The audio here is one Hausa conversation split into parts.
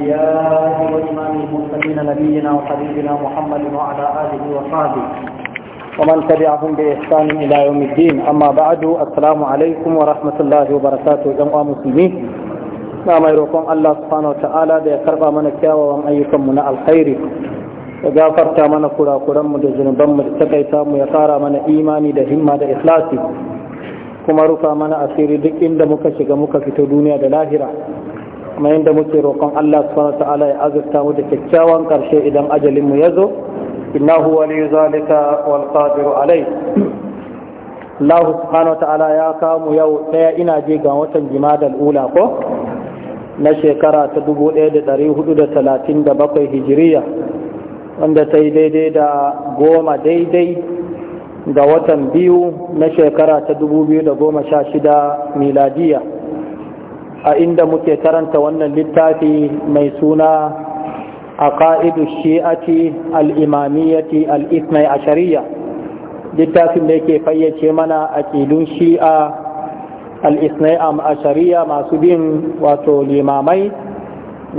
يا أيها الإمام المرسلين نبينا وحبيبنا محمد وعلى آله وصحبه ومن تبعهم بإحسان إلى يوم الدين أما بعد السلام عليكم ورحمة الله وبركاته جمع مسلمين na mai roƙon Allah subhanahu wa ta'ala da ya karɓa mana kyawawan ayyukanmu na alkhairi ya gafarta mana kurakuranmu da zunubanmu da takaita mu ya ƙara mana imani da himma da ikhlasi kuma rufa mana asiri duk inda muka shiga muka fito duniya da lahira kuma yadda muke roƙon Allah subhanahu wa ta'ala ya azurta mu da kyakkyawan ƙarshe idan ajalin mu ya zo innahu waliyu zalika wal qadiru alai Allah subhanahu wa ta'ala ya kamu yau ɗaya ina je ga watan jimadal ula ko na shekara ta 1437 hijiriya wanda ta yi daidai da goma daidai ga watan biyu na shekara ta goma sha 2016 miladiya a inda muke karanta wannan littafi mai suna a ƙa'idu shi'ati al'imamiyyati al'ismai a shari'a littafin da yake fayyace mana a ƙidun shi'a al’ismai a shari'a masu bin wato limamai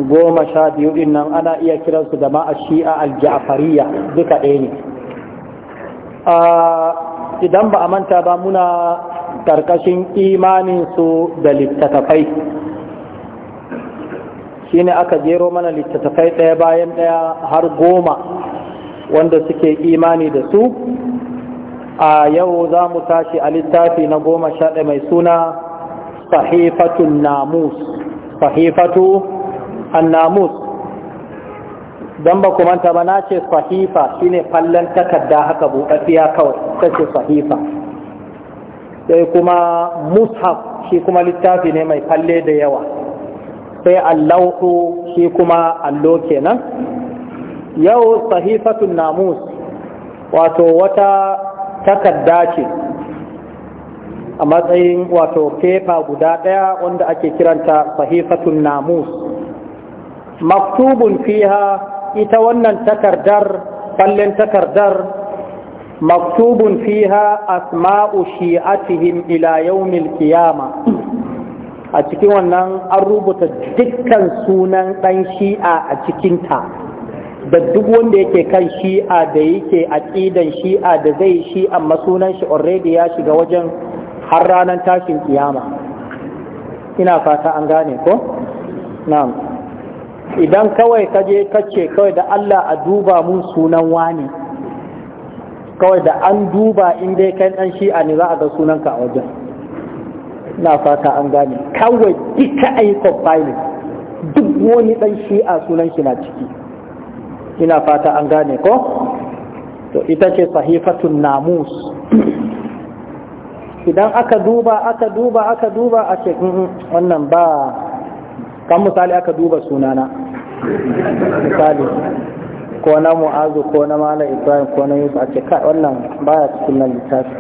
goma sha biyu din nan ana iya kiransu da ma'a shi'a al-ja'fariya duka ɗaya ne idan ba a manta ba muna karkashin imaninsu da littattafai shine aka jero mana littattafai ɗaya bayan ɗaya har goma wanda suke imani da su a yau za mu tashi a littafi na goma sha ɗaya mai suna sahifatun namus sahifatu an namus don ba manta ba na ce sahifa ne fallon takarda haka buɗaɗɗiya kawai ta ce sahifa sai kuma mushaf shi kuma littafi ne mai falle da yawa sai allahu shi kuma allo kenan yau sahifatun namus wato wata takarda ce a matsayin wato fefa guda ɗaya wanda ake kiranta sahifatun namus maktubun fiha ita wannan takardar fallen takardar maktubun fiha asma'u shi'atihim ila yawmil qiyama a cikin wannan an rubuta dukkan sunan ɗan shi'a a ta da duk wanda yake kan shi'a da yake aƙidan shi'a da zai yi amma sunan shi already ya shiga wajen har ranar tashin kiyama ina fata an gane ko na'am idan kawai ka je kace kawai da Allah a duba mun sunan wani kawai da an duba in dai kai dan shi'a ne za a ga sunanka a wajen na fata an gane kawai duka a yi duk wani dan shi'a sunan shi na ciki ina fata an gane ko to ita ce sahifatun namus idan aka duba aka duba aka duba a ce mm, mm, wannan ba kan misali aka duba sunana misali ko na mu'azu ko na malam ibrahim ko na yusuf a ce kai wannan baya cikin nan littafi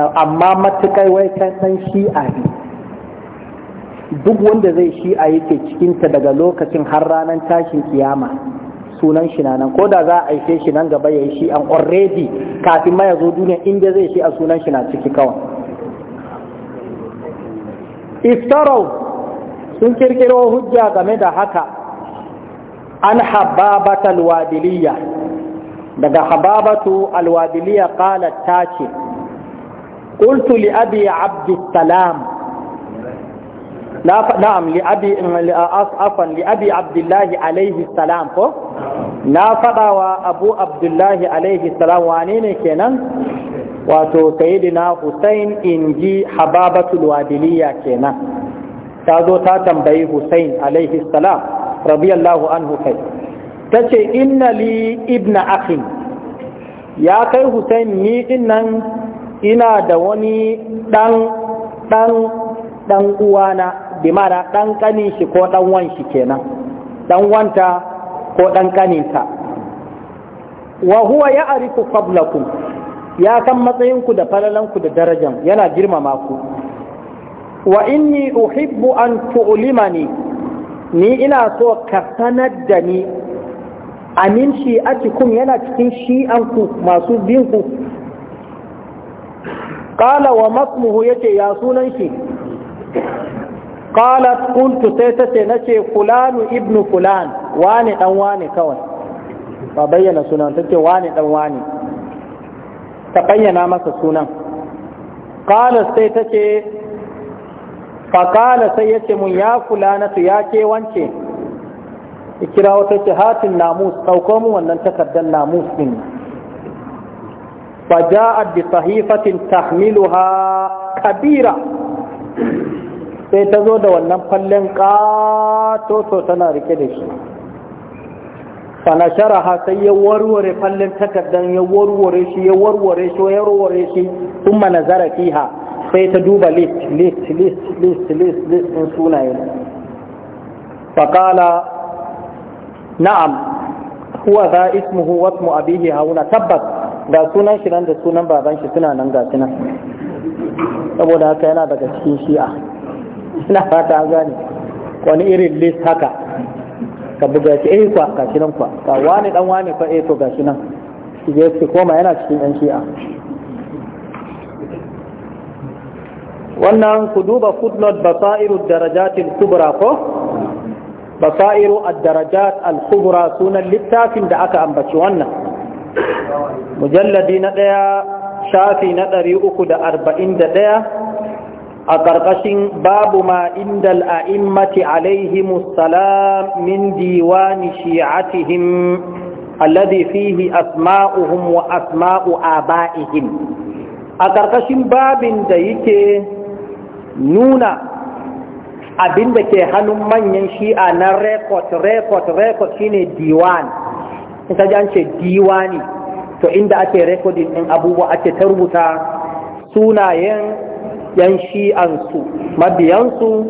amma matukai wai kan san shi'a ne duk wanda zai shi'a yake cikinta daga lokacin har ranar tashin kiyama sunan shi nan ko da za a aike shi nan gaba ya yi shi an already kafin ma ya zo duniya inda zai shi a sunan shi na ciki kawai iftarau sun kirkiro hujja game da haka an hababata alwadiliya daga hababatu alwadiliya kala ta ce, li abi abdussalam na'am li afan li abdullahi alaihi salam ko na faɗa wa abu abdullahi alaihi salam wane ne kenan wato sayyidina Hussein ji hababatu wadiliya kenan ta zo ta tambayi Hussein alaihi salam radiyallahu anhu kai ta ce inna li ibna akhin ya kai Hussein ni nan ina da wani dan dan dan uwana bi mara dan kani shi ko dan wan shi kenan dan wanta ko dan kaninta wa huwa ya'rifu qablakum ya san ku da ku da darajan yana girmama ku wa inni uhibbu an tu'limani ni ina so ka sanar da ni amin shi cikin yana cikin shi an ku masu binku Kala wa masmuhu yace ya sunan shi kala Kuntu sai ta ce na ce fulanu ibnu fulan wani dan wani kawai ba bayyana sunan ta ce wani dan wani ta bayyana masa sunan kala sai ta ce faƙala sai ya ce mun ya fulanatu ya ke wance ikira wata ce hatin namus ɗauko mu wannan takardar namus ɗin faja'at bi sahifatin tahmiluha kabira sai ta zo da wannan fallen ƙatoto tana rike da shi sharaha sai ya warware fallen takardar ya warware shi ya warware shi ya warware shi kuma nazara fiha sai ta duba list list list list list list din sunayen faƙala na'am huwa za ismuhu wasmu abihi hauna tabbas ga sunan shi nan da sunan baban shi suna nan ga sunan saboda haka yana daga cikin shi'a ina fata an gane wani irin list haka ka buga shi eh kwa ga shi nan kwa ka wani dan wani fa eh to ga shi nan shi koma yana cikin yan shi'a wannan ku duba footnote basairu darajatil kubra ko basairu ad-darajat al-kubra sunan littafin da aka ambaci wannan mujalladi na daya shafi na 341 a ƙarƙashin babu ma indal a'immati alaihimus salam min diwani shi'atihim alladhi fihi asma'uhum wa asma'u aba'ihim a ƙarƙashin babin da yake nuna abin da ke hannun manyan shi'a na rekod rekod rekod shine diwan in an ce diwani to inda ake rekodin din abubuwa ake ta rubuta sunayen yan shi'ansu mabiyansu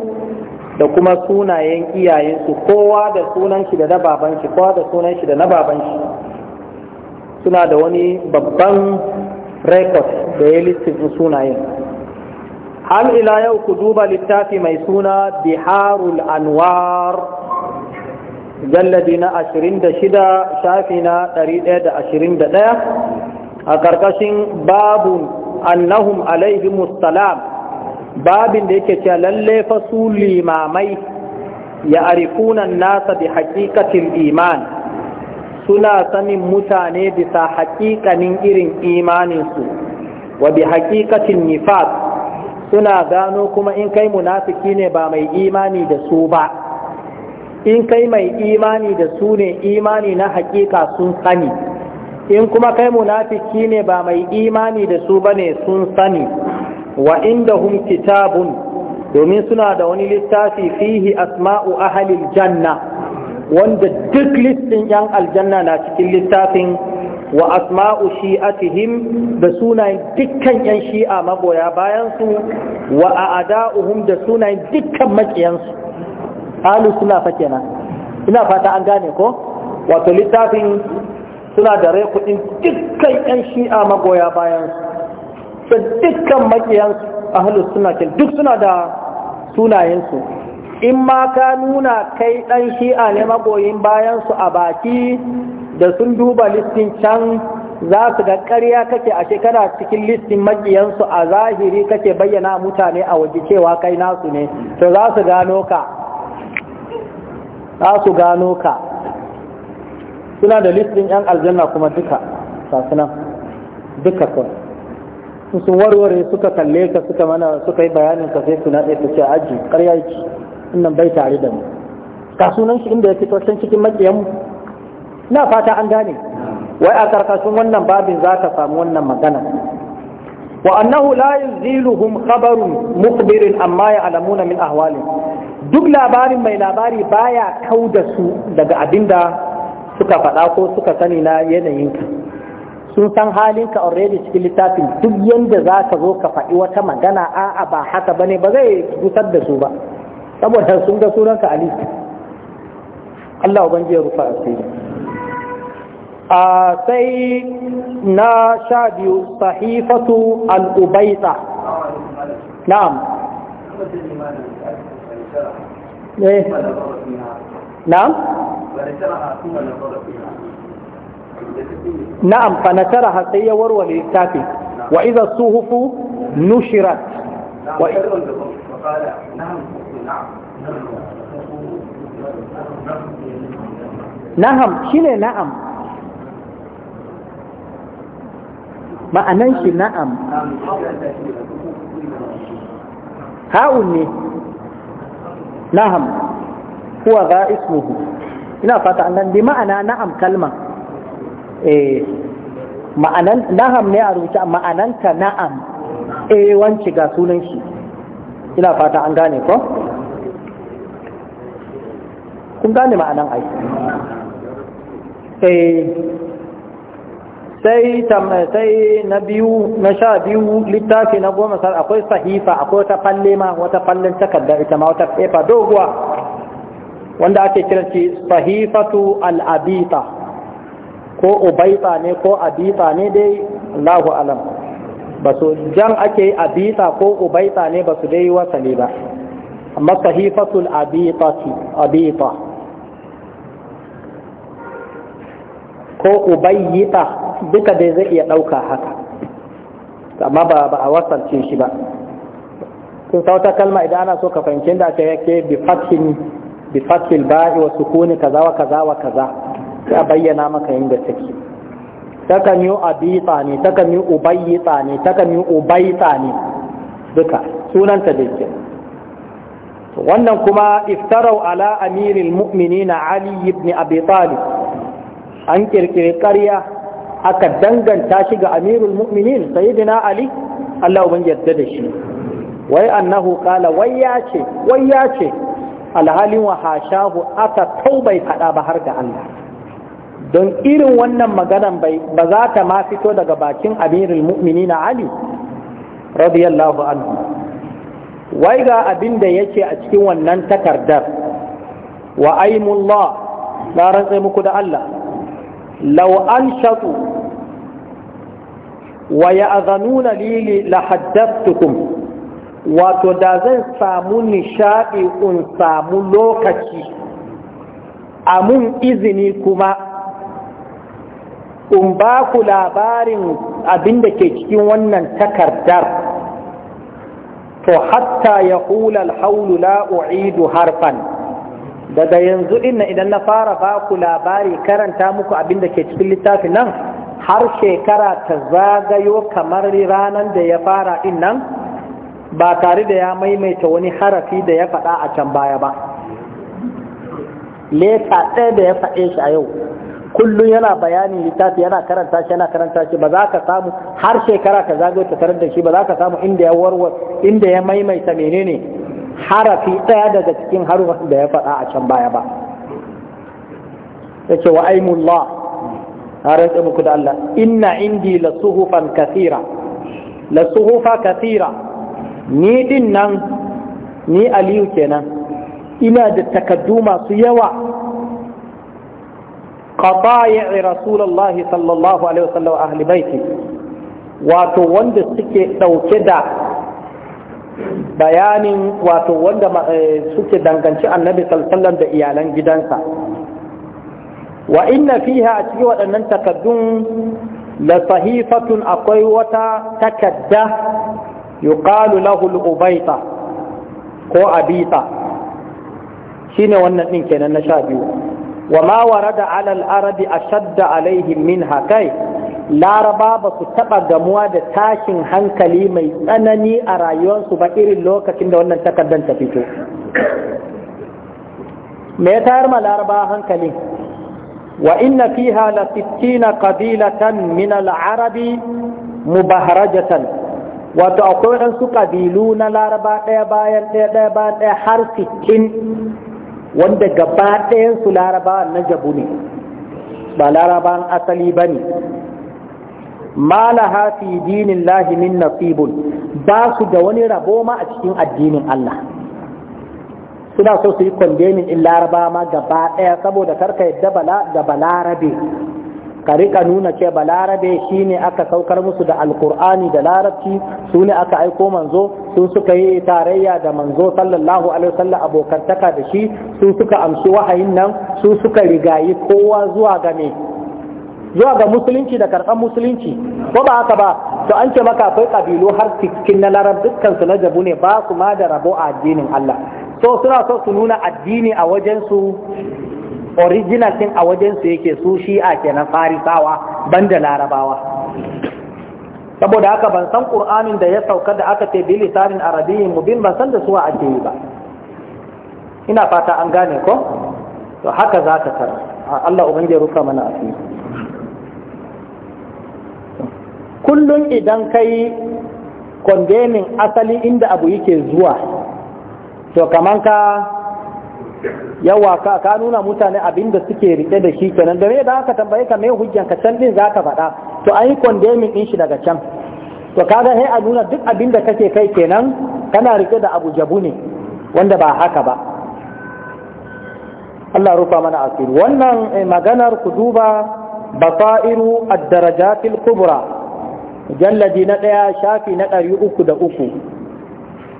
da kuma sunayen iyayensu kowa da sunan shi da na baban shi kowa da sunan shi da na baban shi suna da wani babban rekod da ya listin sunayen har ila yau ku duba littafi mai suna biharul anwar jalladi na 26 shafi na 121 a ƙarƙashin babu annahum alaihimus salam babin da yake cewa lalle fa su limamai ya arifunan nasa bi haƙiƙatin iman suna sanin mutane bisa haƙiƙanin irin imaninsu wa bi haƙiƙatin nifas suna gano kuma in kai munafiki ne ba mai imani da su ba in kai mai imani da su ne imani na hakika sun sani in kuma kai munafiki ne ba mai imani da su ba ne sun sani wa inda hum kitabun domin suna da wani littafi fihi asma'u ahalil janna wanda duk listin yan aljanna na cikin littafin wa asma'u shi'atihim da sunayen dukkan yan shi'a magoya bayan su wa a'da'uhum da sunayen dukkan makiyan su ahlu sunna fa kenan ina fata an gane ko wato littafin suna da rai kudin dukkan yan shi'a magoya bayan su da dukkan makiyan ahli sunna ke duk suna da sunayen su in ma ka nuna kai dan shi'a ne magoyin bayan su a baki da sun duba listin can za su ga ƙarya kake a shekara cikin listin maƙiyansu a zahiri kake bayyana mutane a waje cewa kai nasu ne to za su gano ka za su gano ka suna da listin 'yan aljanna kuma duka sasunan duka kawai sun warware suka kalle ka suka mana suka yi bayanin ka sai suna ɗaya su ce aji ƙarya yake nan bai tare da mu ka sunan shi inda ya fito can cikin maƙiyanmu na fata an gane wai a karkashin wannan babin za ta samu wannan magana wa annahu la yuziluhum khabarun mukhbirin amma ya'lamuna min ahwali duk labarin mai labari baya kau da su daga abinda suka faɗa ko suka sani na yanayinka sun san halinka already cikin littafin duk yanda za ka zo ka faɗi wata magana a'a ba haka bane ba zai gusar da su ba saboda sun ga sunanka a Allah ubangiji ya rufa asiri سيدنا ناشا صحيفة الأبيضة نعم إيه؟ نعم نعم فنشرها سي وروى وللكتاب وإذا الصهف نشرت نعم نعم نعم نعم ma'anan shi na'am ha'un ne na'am huwa ga ismuhu ina fata an bi ma'ana na'am kalma eh ma'anan na'am ne a rubuce ma'anan ta na'am eh wanci ga sunan shi ina fata an gane ko kun gane ma'anan ai eh sai sai na biyu na sha biyu littafi na goma sar akwai sahifa akwai wata falle ma wata fallen takardar ita ma wata fefa doguwa wanda ake kiran shi sahifatu al-abita ko ubaita ne ko abita ne dai Allahu alam ba su jan ake abita ko ubaita ne ba su dai wasali ba amma sahifatu al-abita abita ko ubayyita duka dai zai iya ɗauka haka amma ba a wasance shi ba sun sauta kalma idan ana so ka fahimci da aka yake bi fathin bi fathil ba'i wa sukuni kaza wa kaza wa kaza ya bayyana maka inda take takan yi abita ne takan yi ubayyita ne takan yi ubaita ne duka sunanta da ke wannan kuma iftarau ala amiril mu'minina ali ibn abi talib an kirkiri ƙarya aka danganta shi ga amirul mu'minin sayyidina ali Allah uban yarda da shi wai annahu kala wai ya ce wai ya ce alhalin wa hashahu aka taubai fada ba har ga Allah don irin wannan maganan bai ba za ta ma fito daga bakin amirul mu'minin ali radiyallahu anhu wai ga abinda da yake a cikin wannan takardar wa aimullah na rantsai muku da Allah لو أنشطوا ويأذنون Wato da zan samu nishaɗi in samu lokaci a mun izini kuma in ba ku labarin abin da ke cikin wannan takardar to hatta ya hula alhaulu la'u'idu harfan daga yanzu inna idan na fara ba ku labari karanta muku abin da ke cikin littafin nan har shekara ta zagayo kamar ranar da ya fara in nan ba tare da ya maimaita wani harafi da ya faɗa a can baya ba leta ɗaya da ya faɗe shi a yau kullum yana bayanin littafi yana karanta shi yana karanta shi ba za ka samu har shekara ka zagayo ta tarar da shi ba za ka samu inda ya warwar inda ya maimaita menene harafi ɗaya daga cikin harufan da ya faɗa a can baya ba ya ce wa aimullah harin tsaye muku da Allah ina indi la suhufan kathira la suhufa kathira ni din nan ni aliyu kenan ina da takaddu masu yawa qata'i rasulullahi sallallahu alaihi wasallam ahli baiti wato wanda suke ɗauke da bayanin wato wanda eh, suke danganci annabi sallallahu da iyalan gidansa wa inna fiha a cikin waɗannan takaddun la sahifatun akwai wata takadda yuqalu lahu al-ubayta ko abita shine wannan din kenan na sha biyu wa ma warada ala al-arabi ashadda alaihim minha kai laraba ba su taɓa gamuwa da tashin hankali mai tsanani a rayuwarsu ba irin lokacin da wannan takardar ta fito me ya tayar ma laraba hankali wa inna fiha la sittina qabilatan min al-arabi mubaharajatan wato akwai waɗansu ƙabilu na laraba ɗaya bayan ɗaya ɗaya bayan ɗaya har sittin wanda gaba ɗayansu laraba na jabu ne ba laraban asali ba ne malaha fi dinin lahi min nasibun ba su da wani rabo ma a cikin addinin Allah suna so su yi kwandemin in laraba ma gaba ɗaya saboda karka yadda Bala da balarabe ka riƙa nuna ce balarabe shi ne aka saukar musu da alkur'ani da larabci su ne aka aiko manzo sun suka yi tarayya da manzo sallallahu alaihi wasallam abokantaka da shi sun suka amshi wahayin nan sun suka rigayi kowa zuwa game. zuwa ga musulunci da karɓar musulunci ko ba haka ba to an ce maka akwai kabilu har cikin na larab dukkan su na jabu ne ba su ma da rabo a addinin Allah so suna so su nuna addini a wajen su original din a wajen su yake su shi'a kenan farisawa banda larabawa saboda haka ban san qur'anin da ya sauka da aka ce bi lisanin arabiyyin mubin ban san da suwa ake yi ba ina fata an gane ko to haka za ka tara Allah ubangiji ruka mana asiri kullum idan kai kondemin asali inda abu yake zuwa to kaman ka yawa ka ka nuna mutane abinda suke rike da shi kenan da me da aka tambaye ka me hujjan ka can din zaka faɗa to an yi din shi daga can to kaga sai a nuna duk abinda kake kai kenan kana rike da abu jabu ne wanda ba haka ba Allah rufa mana asiri wannan eh, maganar kuduba duba basairu ad-darajatil kubra Jalladi na ɗaya shafi na ɗari uku da uku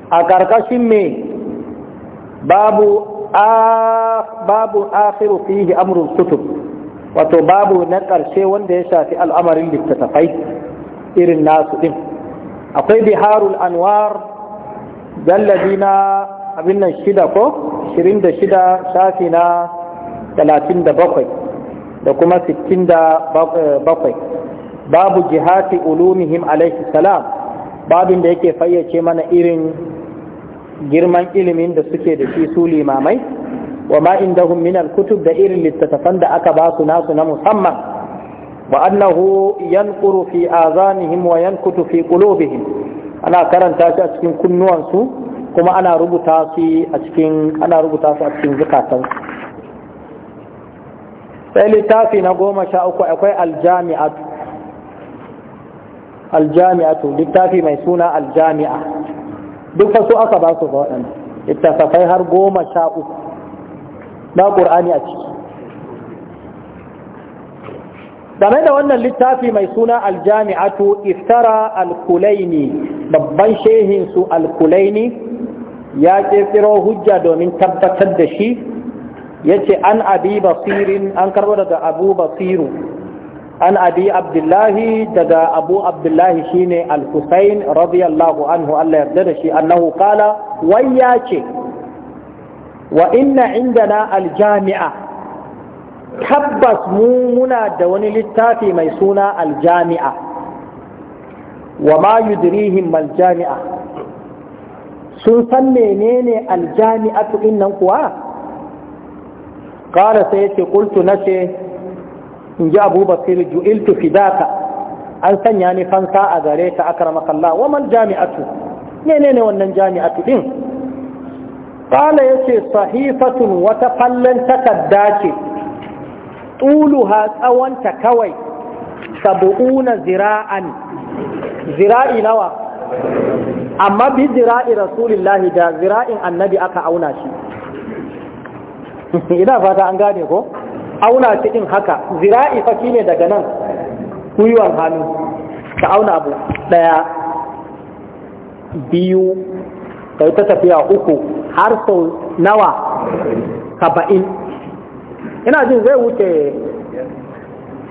a ƙarƙashin mai babu babu akhiru fihi amrul kutub wato babu na ƙarshe wanda ya shafi al'amarin littattafai irin nasu ɗin akwai biharul anwar jalladi na abin nan shida ko shirin da shida shafi na talatin da bakwai da kuma sittin da bakwai babu jihati ulumihim alaihi salam babin da yake fayyace mana irin girman ilimin da suke da shi su limamai wa ma indahum min alkutub kutub da irin littattafan da aka ba su nasu na musamman wa annahu yanquru fi azanihim wa yankutu fi qulubihim ana karanta shi a cikin kunnuwansu kuma ana rubuta shi a cikin ana rubuta su a cikin zakatan sai littafi na goma sha uku akwai aljami'atu aljami'atu littafi mai suna aljami'a duk fa su aka ba su ga waɗanda har goma sha uku na ƙur'ani a ciki game da wannan littafi mai suna aljami'atu iftara alkulaini babban shehin su alkulaini ya ƙirƙiro hujja domin tabbatar da shi ya ce an abi basirin an karɓar daga abu basiru an abi abdullahi daga abu abdullahi shine al-husayn radiyallahu anhu Allah yarda da shi annahu qala wai ya ce wa inna indana al-jami'a tabbas mu muna da wani littafi mai suna al-jami'a wa ma yudrihim al-jami'a sun san menene al-jami'atu innan kuwa qala sai ce qultu nace in ji abu ju'iltu fidaka an sanya ni fansa a gare ka akramakallah wa man jami'atu ne wannan jami'atu din qala yace sahifatun wata fallan takarda ce tuluha tsawonta kawai sabu'una zira'an zira'i nawa amma bi zira'i rasulillahi da zira'in annabi aka auna shi ina fata an gane ko auna cikin haka zira'i fa shine daga nan gwiwan hannu ka auna abu daya biyu ka ta tafiya uku har sau nawa saba'in ina jin zai wuce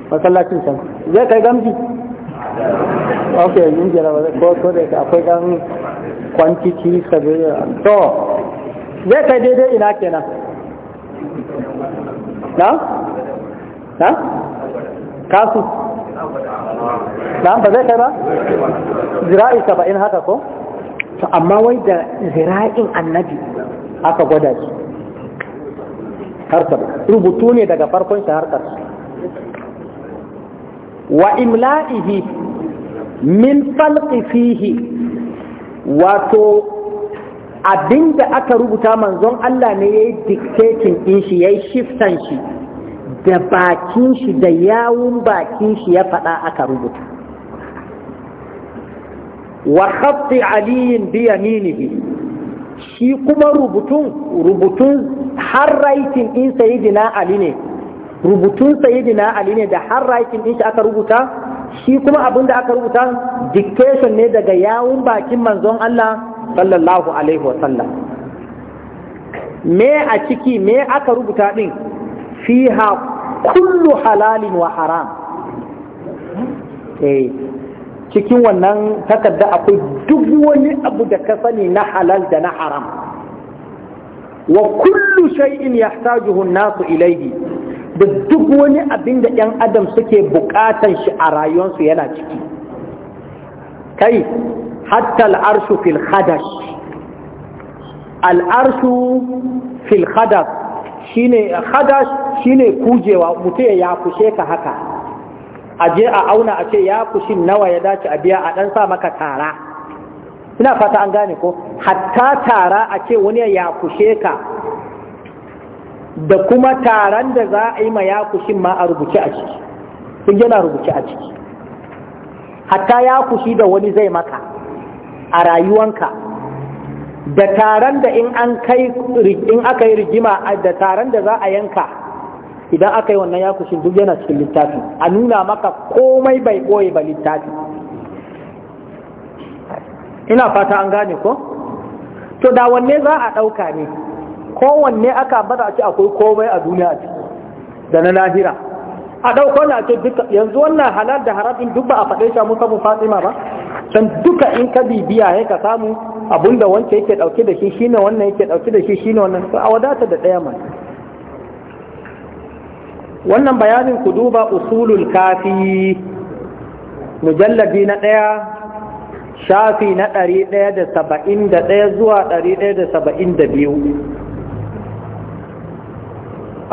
masallacin can zai kai gamji ok yin jira ba ko ko da akwai gan kwantiti sabi to zai kai daidai ina kenan na? na? kasu na ba zai kai ba? zira'i saba'in haka ko? to amma wai da zira'in annabi aka gwada shi har rubutu ne daga farkon shi har wa imla'ihi min falqi fihi wato abinda aka rubuta manzon Allah ne ya yi dictating in shi ya yi shiftan shi da bakin shi da yawun bakin shi ya faɗa aka rubuta wa Khafi aliyin bi shi kuma rubutun rubutun har raitin din sayidina ali ne rubutun sayidina ali ne da har raitin in shi aka rubuta shi kuma abin da aka rubuta dictation ne daga yawun bakin manzon Allah sallallahu alaihi wasallam me a ciki me aka rubuta din fiha kullu halalin wa haram eh cikin wannan takarda akwai duk wani abu da ka sani na halal da na haram wa kullu shay'in yahtajuhu an-nasu ilayhi da duk wani abin da 'yan adam suke bukatan shi a rayuwarsu yana ciki kai hatta al'arshu fil khadash al'arshu fil khadash shine khadash shine kujewa mutum ya kushe ka haka a je a auna a ce ya kushin nawa ya dace a biya a ɗan sa maka tara ina fata an gane ko hatta tara a ce wani ya kushe ka da kuma taran da za a yi ma ya kushin ma a rubuce a ciki sun yana rubuce a ciki hatta ya kushi da wani zai maka a rayuwanka da taron da in an kai in aka yi rigima da taron da za a yanka idan aka yi wannan ya kushin duk yana cikin littafi a nuna maka komai bai boye ba littafi ina fata an gane ko to da wanne za a ɗauka ne kowanne aka bada a ce akwai komai a duniya da na lahira a ɗauko na ce duka yanzu wannan halar da harafin duk ba a faɗe shi mun samu fatima ba san duka in ka bibiya ya ka samu abinda wance yake dauke da shi shine wannan yake dauke da shi shine wannan a wadata da ɗaya mai. wannan bayanin ku duba usulul kafi mujallabi na ɗaya shafi na ɗari ɗaya da saba'in da ɗaya zuwa ɗari ɗaya da saba'in da biyu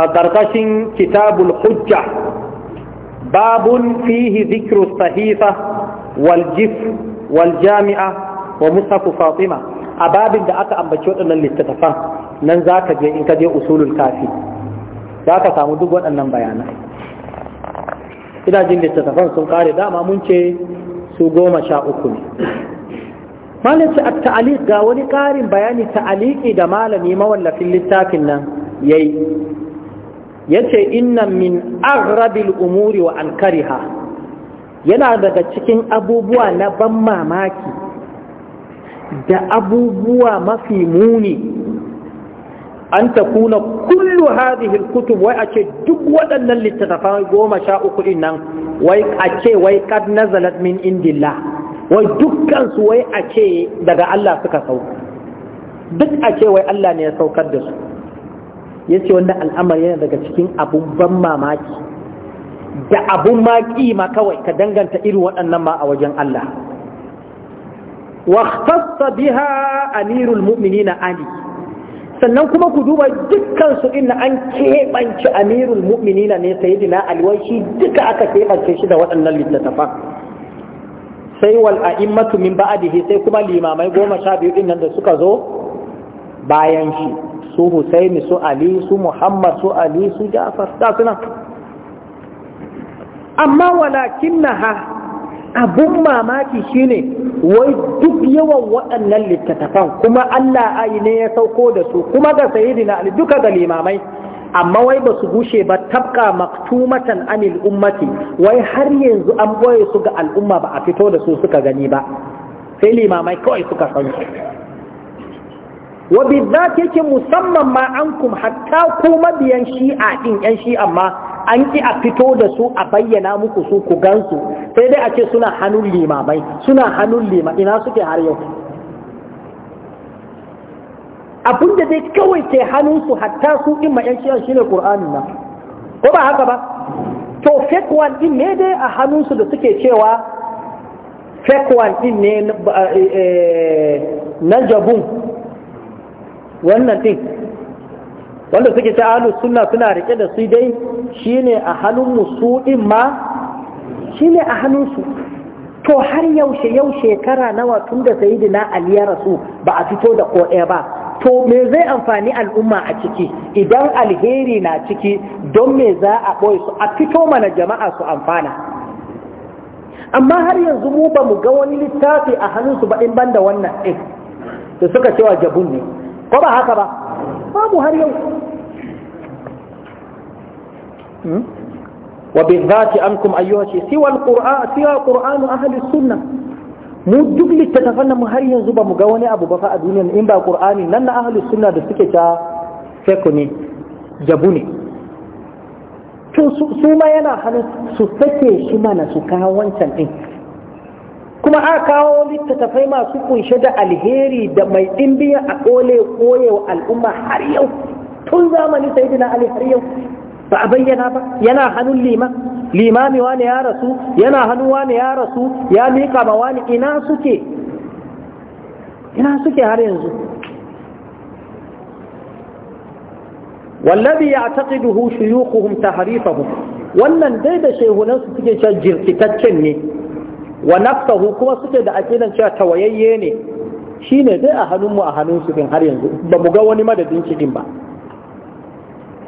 a ƙarƙashin kitabul hujja babun fihi zikru sahifa wal jif wal jami'a wa mushafu fatima a babin da aka ambaci waɗannan littattafan nan za ka je in ka je usulul kafi za ka samu duk waɗannan bayanai. ina jin littattafan sun kare dama mun ce su goma sha uku ne malaci a ta'aliq ga wani ƙarin bayani ta'aliki da malami mawallafin littafin nan yayi yace inna min aghrabil umuri wa ankariha yana daga cikin abubuwa na ban mamaki da abubuwa mafi muni an ta kuna kullu hadhihi kutub wai a ce duk waɗannan littattafan goma sha uku din nan wai a ce wai kad nazalat min indillah wai dukkan su wai a ce daga Allah suka sauka duk a ce wai Allah ne ya saukar da su ya ce wannan al'amari yana daga cikin abun ban mamaki da abun maƙi ma kawai ka danganta irin waɗannan ma a wajen Allah واختص biha amirul المؤمنين Ali, sannan kuma ku duba dukkan su inna an keɓance amirul mu'minina ne sayyidina alwai shi duka aka keɓance shi da waɗannan littattafan sai wal a'immatu min ba'dihi sai kuma limamai goma sha biyu din nan da suka zo bayan shi su Husaini su Ali su Muhammad su Ali su Jafar da suna amma walakin na ha abun mamaki shine wai duk yawan waɗannan littattafan kuma Allah ayi ne ya sauko da su kuma ga sayyidina Ali duka ga limamai amma wai ba su gushe ba tabka maktumatan anil ummati wai har yanzu an boye su ga al'umma ba a fito da su suka gani ba sai limamai kawai suka san wa bizzat yake musamman ma ankum hatta ku mabiyan shi'a din yan shi'a ma an ki a fito da su a bayyana muku su ku gansu sai dai a ce suna hannun limamai suna hannun lima ina suke har yau abin da dai kawai ke hannunsu hatta su in ma yan shi'a shine qur'ani na ko ba haka ba to fake one din ne dai a hannunsu da suke cewa fake one din ne eh, eh, na jabun wannan ɗin, wanda suke ta alu sunna suna rike da su dai shine a hannun su ma shine a hannun su to har yaushe yau shekara nawa tun da sayyidina ali ya rasu ba a fito da ko ɗaya ba to me zai amfani al'umma a ciki idan alheri na ciki don me za a ɓoye su a fito mana jama'a su amfana amma har yanzu mu ba mu ga wani littafi a hannunsu ba in banda wannan ɗin da suka cewa jabun ne ko ba haka ba babu har yau hmm? wa bizzati ankum ayyuha shi siwa alqur'an siwa qur'anu ahli sunnah mu duk littattafan mu har yanzu ba mu ga wani abu ba fa a duniya in ba qur'ani nan na ahli sunna da suke ta feko ne jabu ne to su ma yana hannun su sake shi mana su kawo wancan din kuma a kawo littattafai masu kunshe da alheri da mai ɗimbiya a ƙole koyewa al'umma har yau tun zamani sai dina ali har yau ba a bayyana ba yana hannun lima limami wani ya rasu yana hannun wani ya rasu ya miƙa ma wani ina suke ina suke har yanzu wallabi ya taqiduhu shuyukuhum tahrifahum wannan dai da shehunansu suke cewa jirkitaccen ne wa nafsahu kuma suke da aqidan cewa tawayayye ne shine dai a mu a hannun su din har yanzu ba mu ga wani madadin shi din ba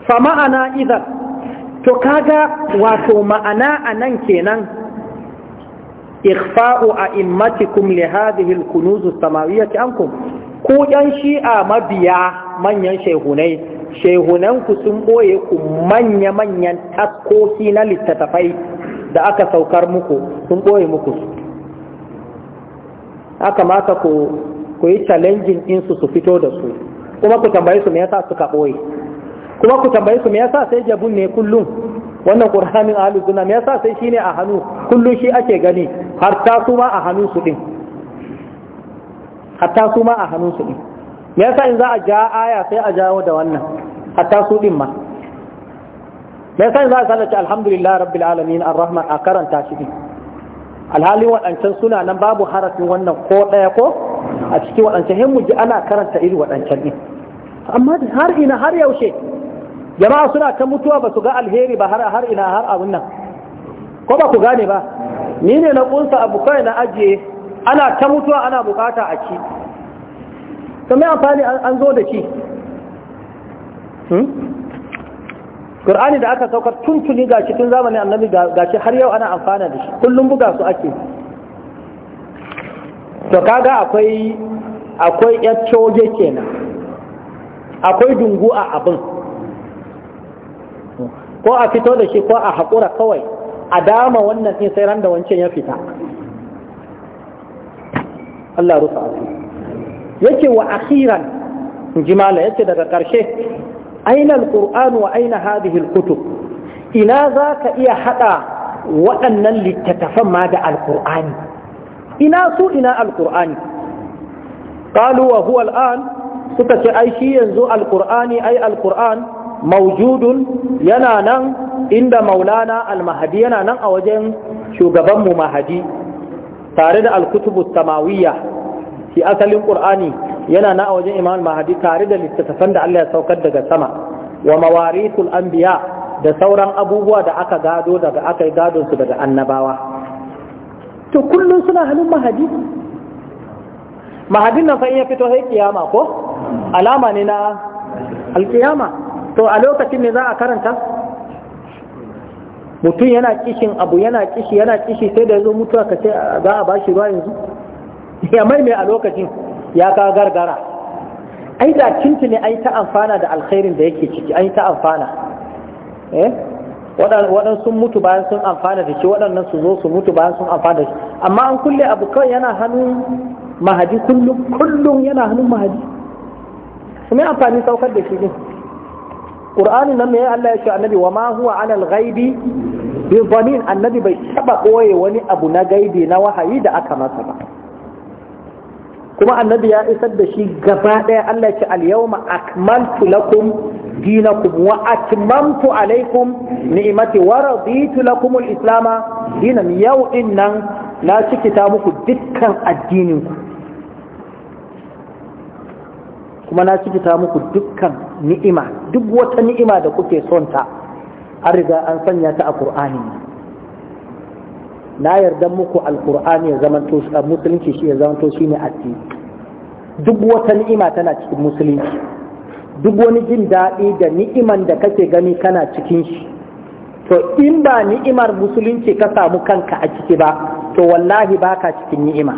fa ma'ana idan to kaga wato ma'ana anan kenan ikhfa'u a'immatikum li hadhihi al-kunuz as samawiyyah ankum ko yan shi'a mabiya manyan shehunai shehunan ku sun boye ku manya manyan taskoki na littattafai da aka saukar muku sun ɓoye muku su aka mata ku yi challenging ɗinsu su fito da su kuma ku tambayi su me yasa suka ɓoye kuma ku tambayi su me yasa sai jabun ne kullum wannan qur'anin aluzuna me yasa sai shine a hannu kullum shi ake gani har ta su ma a hannun su ɗin hatta su ma a hannun su ɗin me yasa in za a ja aya sai a jawo da wannan hatta su ɗin ma Mai san za ka ce alhamdulillah rabbil alamin arrahman a karanta shi din alhali waɗancan suna nan babu harafin wannan ko ɗaya ko a cikin waɗancan hin muji ana karanta iri waɗancan din amma har ina har yaushe jama'a suna ta mutuwa ba su ga alheri ba har har ina har abun nan ko ba ku gane ba ni ne na kunsa abu kai na ajiye ana ta mutuwa ana bukata a ci to me amfani an zo da ci? Kur'ani da aka saukar tuntuni ga cikin zamanin annabi ga shi har yau ana amfana da shi kullum buga su ake to kaga akwai akwai coge kenan akwai dungu a abin ko a fito da shi ko a haƙura kawai a dama wannan in sai ran da wancan ya fita Allah rufa yake wa akhiran jimala yake daga ƙarshe aina Alƙur'an wa aina hadhihi alkutub ina za ka iya haɗa waɗannan littattafan ma da Alƙur'ani? ina su ina Alƙur'ani? qalu wa huwa al'an suka ce ai shi yanzu Alƙur'ani, ai Alƙur'an mawjudun yana nan inda maulana almahadi yana nan a wajen shugabanmu mahadi tare da alkutubu samawiyya shi asalin qur'ani yana na a wajen imam mahadi tare da littattafan da Allah ya saukar daga sama wa mawarithul anbiya da sauran abubuwa da aka gado daga aka yi gadon su daga annabawa to kullum suna hannun mahadi mahadin nan fa in ya fito sai kiyama ko alama ne na alkiyama to a lokacin ne za a karanta mutum yana kishin abu yana kishi yana kishi sai da yazo mutuwa ka ce za a bashi ruwa yanzu ya mai mai a lokacin ya ka gargara ai da tuntuni ai ta amfana da alkhairin da yake ciki ai ta amfana eh waɗannan sun mutu bayan sun amfana da shi waɗannan su zo su mutu bayan sun amfana da shi amma an kulle abu kawai yana hannun mahadi kullum kullum yana hannun mahadi su mai amfani saukar da shi din ƙur'ani nan mai Allah ya ce annabi wa ma huwa alal ghaibi bi annabi bai taba ɓoye wani abu na gaibi na wahayi da aka masa ba kuma annabi ya isar da shi gaba ɗaya Allah ce al-yawma akmaltu lakum dinakum wa atmamtu alaikum ni'mati wa raditu lakum al-islam dinan yau nan na cikita muku dukkan addinin ku kuma na cikita muku dukkan ni'ima duk wata ni'ima da kuke son ta an riga an sanya ta a Qur'ani na yarda muku alkur'ani ya zamanto musulunci shi ya zamanto shi ne addini duk wata ni'ima tana cikin musulunci duk wani jin daɗi da ni'iman da kake gani kana cikin shi to in ba ni'imar musulunci ka samu kanka a ciki ba to wallahi baka cikin ni'ima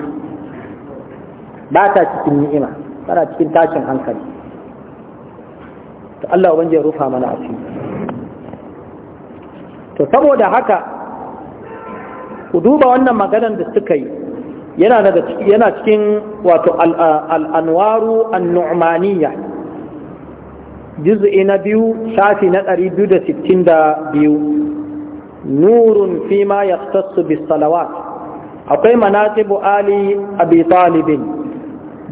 baka cikin ni'ima kana cikin tashin hankali to Allah ya rufa mana asiri to saboda haka ku duba wannan maganar da suka yi yana cikin wato al'anwaru numaniya juz'i na biyu shafi na 262 nurun fi ya bis salawat akwai manatibu ali abi talibin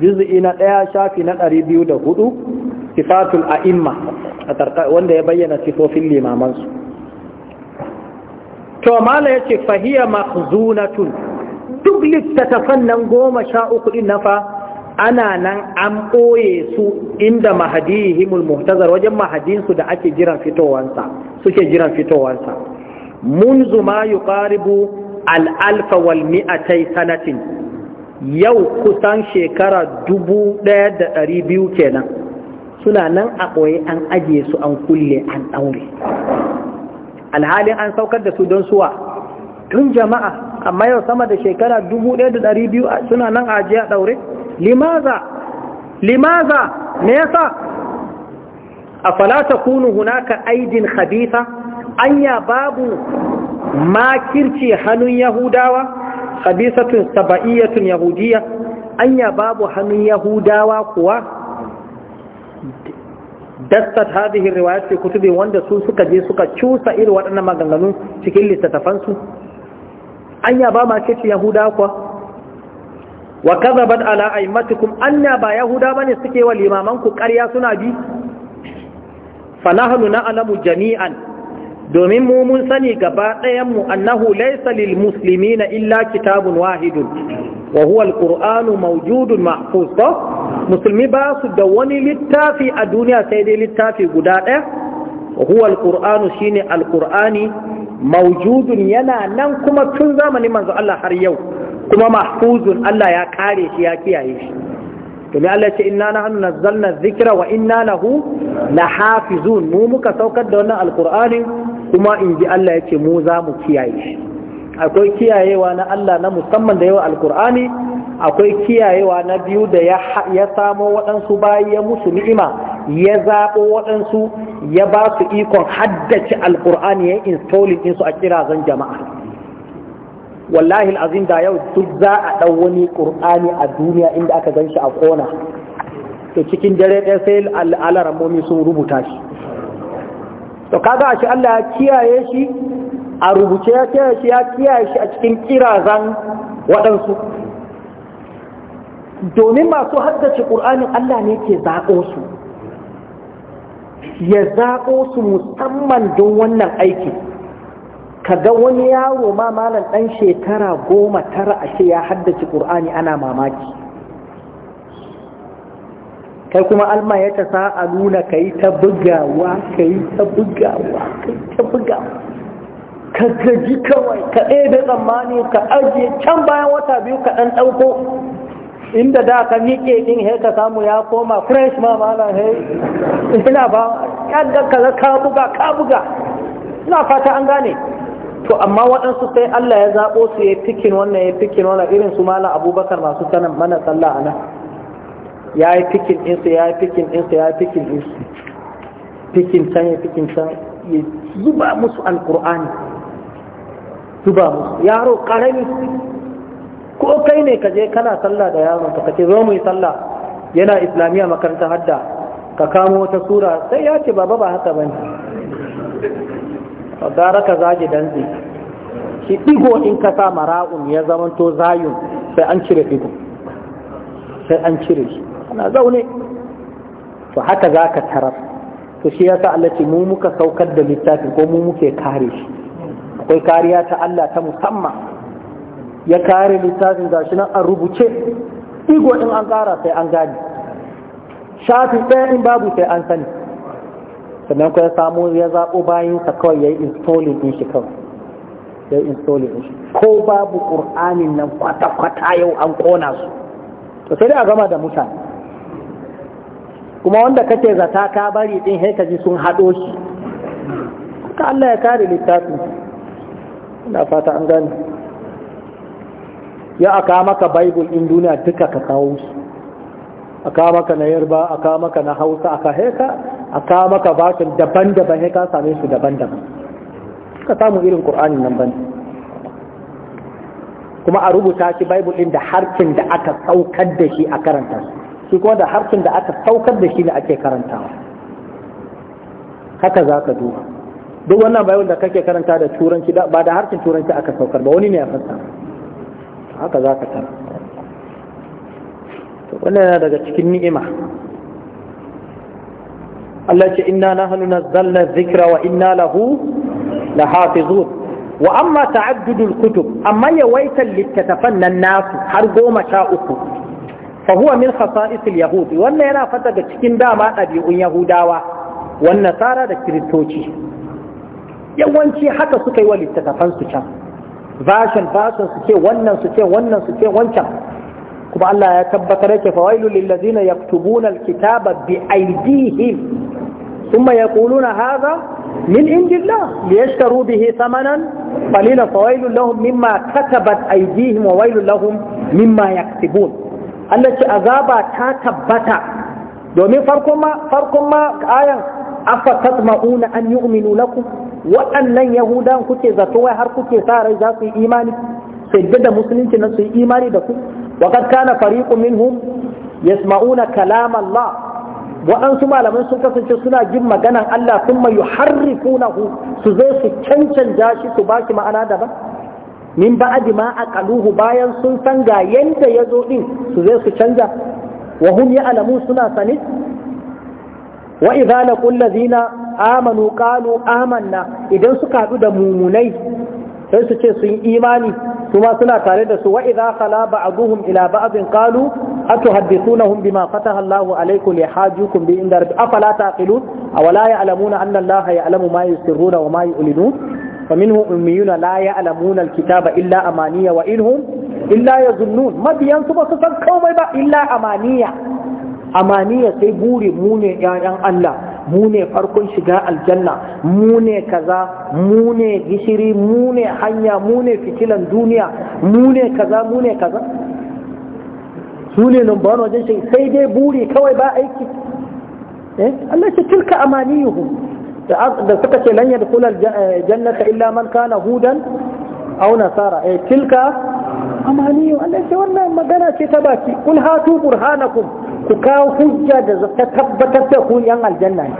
juz'i na ɗaya shafi na 204 sifatul a'imma wanda ya bayyana sifofin limamansu to mala yace fahiya mahzunatun duk littattafan nan goma sha uku din fa? ana nan an ɓoye su inda mahadihimul muhtazar wajen mahadinsu da ake jiran fitowansa suke jiran fitowansa munzu ma yuqaribu al alfa wal mi'atai sanatin yau kusan shekara dubu ɗaya da ɗari biyu kenan suna nan a ɓoye an ajiye su an kulle an ɗaure alhalin an saukar da su don suwa tun jama'a amma yau sama da shekara dubu suna nan ajiya daure. limaza limaza me yasa a falata kunu hunaka aidin khabitha anya babu makirci hannun yahudawa khabisatun saba'iyatun yahudiyya anya babu hannun yahudawa kuwa Dastar hadihin riwayat fi kutubi wanda su suka je suka cusa irin waɗannan maganganu cikin littattafansu. an ya ba ma ce yahuda kuwa wa kadhabat ala aimatikum anya ba yahuda ne suke wa limaman ku ƙarya suna bi fa nahnu na'lamu jami'an domin mu mun sani gaba ɗayanmu annahu laisalil lil na illa kitabun wahidun wa huwa alqur'anu mawjudun mahfuz musulmi ba su da wani littafi a duniya sai dai littafi guda ɗaya wa huwa alqur'anu shine alqur'ani mawjudun yana nan kuma tun zamanin manzo Allah har yau kuma mahfuzun Allah ya kare shi ya kiyaye shi domin Allah ce inna nahnu nazzalna dhikra wa inna lahu lahafizun mu muka saukar da wannan alqur'ani kuma in ji Allah ya ce mu za mu kiyaye shi akwai kiyayewa na Allah na musamman da yawa alkur'ani akwai kiyayewa na biyu da ya samo waɗansu bayi ya musu ni'ima ya zaɓo waɗansu ya ba su ikon haddace alkur'ani ya installing su a kirazan jama'a wallahi azim da yau duk za a ɗau wani ƙur'ani a duniya inda aka gan shi a ƙona to cikin dare ɗaya sai al'alar sun rubuta shi to kaga a shi Allah ya kiyaye shi a rubuce ya kiyaye shi ya kiyaye shi a cikin kirazan waɗansu domin masu haddace ƙur'anin Allah ne ke zaƙo su ya zaƙo su musamman don wannan aiki kaga wani yaro ma malam ɗan shekara goma tara ashe ya haddace ƙur'ani ana mamaki kai kuma alma ya ta nuna ka yi ta bugawa ka yi ta bugawa ka yi ta bugawa ka gaji kawai ka ɗebe tsammani ka ajiye can bayan wata biyu ka ɗan ɗauko inda da ka miƙe ɗin he ka samu ya koma fresh ma mana he ina ba yadda ka ka buga ka buga ina fata an gane to amma waɗansu sai Allah ya zaɓo su ya fikin wannan ya fikin wannan irin su malam abubakar masu sanin mana sallah a nan ya yi fikin ɗinsa ya yi fikin ɗinsa ya yi fikin ɗinsu fikin can ya fikin can ya zuba musu alkur'ani zuba musu yaro ƙarami ko kai ne ka je kana sallah da yaro ka ce zo mu yi sallah yana islamiyya makaranta hadda ka kamo wata sura sai ya ce baba ba haka bane gara ka zage danzi shi ɗigo in ka sa mara'un ya zamanto zayun sai an cire ɗigo sai an cire shi ana zaune to haka za ka tarar to shi ya sa Allah ce mu muka saukar da littafin ko mu muke kare shi akwai kariya ta Allah ta musamman ya kare littafin gashi nan an rubuce igo in an kara sai an gani shafi ɗaya in babu sai an sani sannan kuma ya samu ya zaɓo sa kawai ya yi installing din shi kawai ya yi installing shi ko babu ƙur'anin nan kwata-kwata yau an kona su to sai dai a gama da mutane kuma wanda kake zata ka bari din sai ka ji sun haɗo shi ka Allah ya kare littafin ina fata an gane ya aka maka bible din duniya duka ka kawo su aka maka na yarba aka maka na hausa aka heka aka maka bakin daban-daban heka same su daban-daban ka samu irin qur'ani nan ban kuma a rubuta shi bible din da harkin da aka saukar da shi a karanta su shi kuma da harfin da aka saukar da shi ne ake karantawa haka za ka duba duk wannan bayan da kake karanta da turanci ba da harfin turanci aka saukar ba wani ne ya fasa haka za ka tara wannan yana daga cikin ni'ima Allah ce inna nahnu nazzalna dhikra wa inna lahu lahafizun wa amma ta'addudul kutub amma yawaitan littattafan nan nasu har goma sha uku فهو من خصائص اليهود ولا يرى فتى تشكين داما أبي أن يهوداوا والنصارى تكريتوشي يوانشي حتى سكي ولي تتفن سكا فاشن فاشن سكي ونن سكي ونن سكي ونشا كما الله يتبت ريك فويل للذين يكتبون الكتاب بأيديهم ثم يقولون هذا من عند الله ليشتروا به ثمنا قليلا فويل لهم مما كتبت أيديهم وويل لهم مما يكتبون Allah ce azaba ta tabbata domin farkon ma farkon ma ayan afa tasma'una an yu'minu lakum waɗannan yahudan kuke zato wai har kuke sa rai za su yi imani sai da musulunci nan su yi imani da ku wa kad kana fariqun minhum yasma'una kalam Allah waɗansu malamai sun kasance suna jin maganan Allah sun mai yuharrifunahu su zai su cancanta shi su baki ma'ana daban min ba'di ma Kaluhu bayan sun san ga ya zo din su zai su canza. wa hum suna sani wa idza laqul ladina amanu qalu amanna idan suka hadu da mumunai sai su ce sun imani kuma suna tare da su wa idza khala ba'duhum ila ba'din qalu atuhaddithunahum bima fataha Allah alaykum yahajukum bi inda afala taqilun aw la ya'lamuna anna Allah ya'lamu ma yusirruna wa ma yu'linun fa minhu ummiyuna la ya'lamuna alkitaba illa amaniya wa inhum illa yazunnun mabiyan su ba su san komai ba illa amaniya amaniya sai buri mu ne Allah mu farkon shiga aljanna mu ne kaza mu ne gishiri mu hanya mu fitilan duniya mu kaza mu kaza su ne numban sai dai buri kawai ba aiki Allah ce da suka ce lan yadkhula jannata illa man kana hudan aw nasara eh tilka amani Allah ce wannan magana ce ta baki kul hatu burhanakum ku kawo hujja da ta tabbatar da ku yan aljanna ne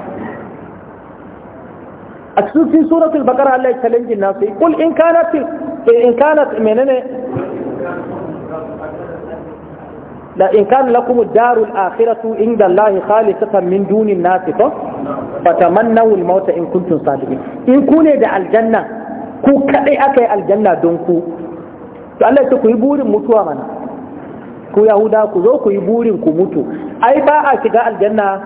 a cikin suratul baqara Allah ya challenge nasu kul in kanat in kanat menene da in kan lakum darul akhiratu inda Allah khalisatan min dunin nas fa fatamannaw al mauta in kuntum sadiqin in ku ne da aljanna ku kadai akai aljanna don ku to Allah ya ku yi burin mutuwa mana ku yahuda ku zo ku yi burin ku mutu ai ba a shiga aljanna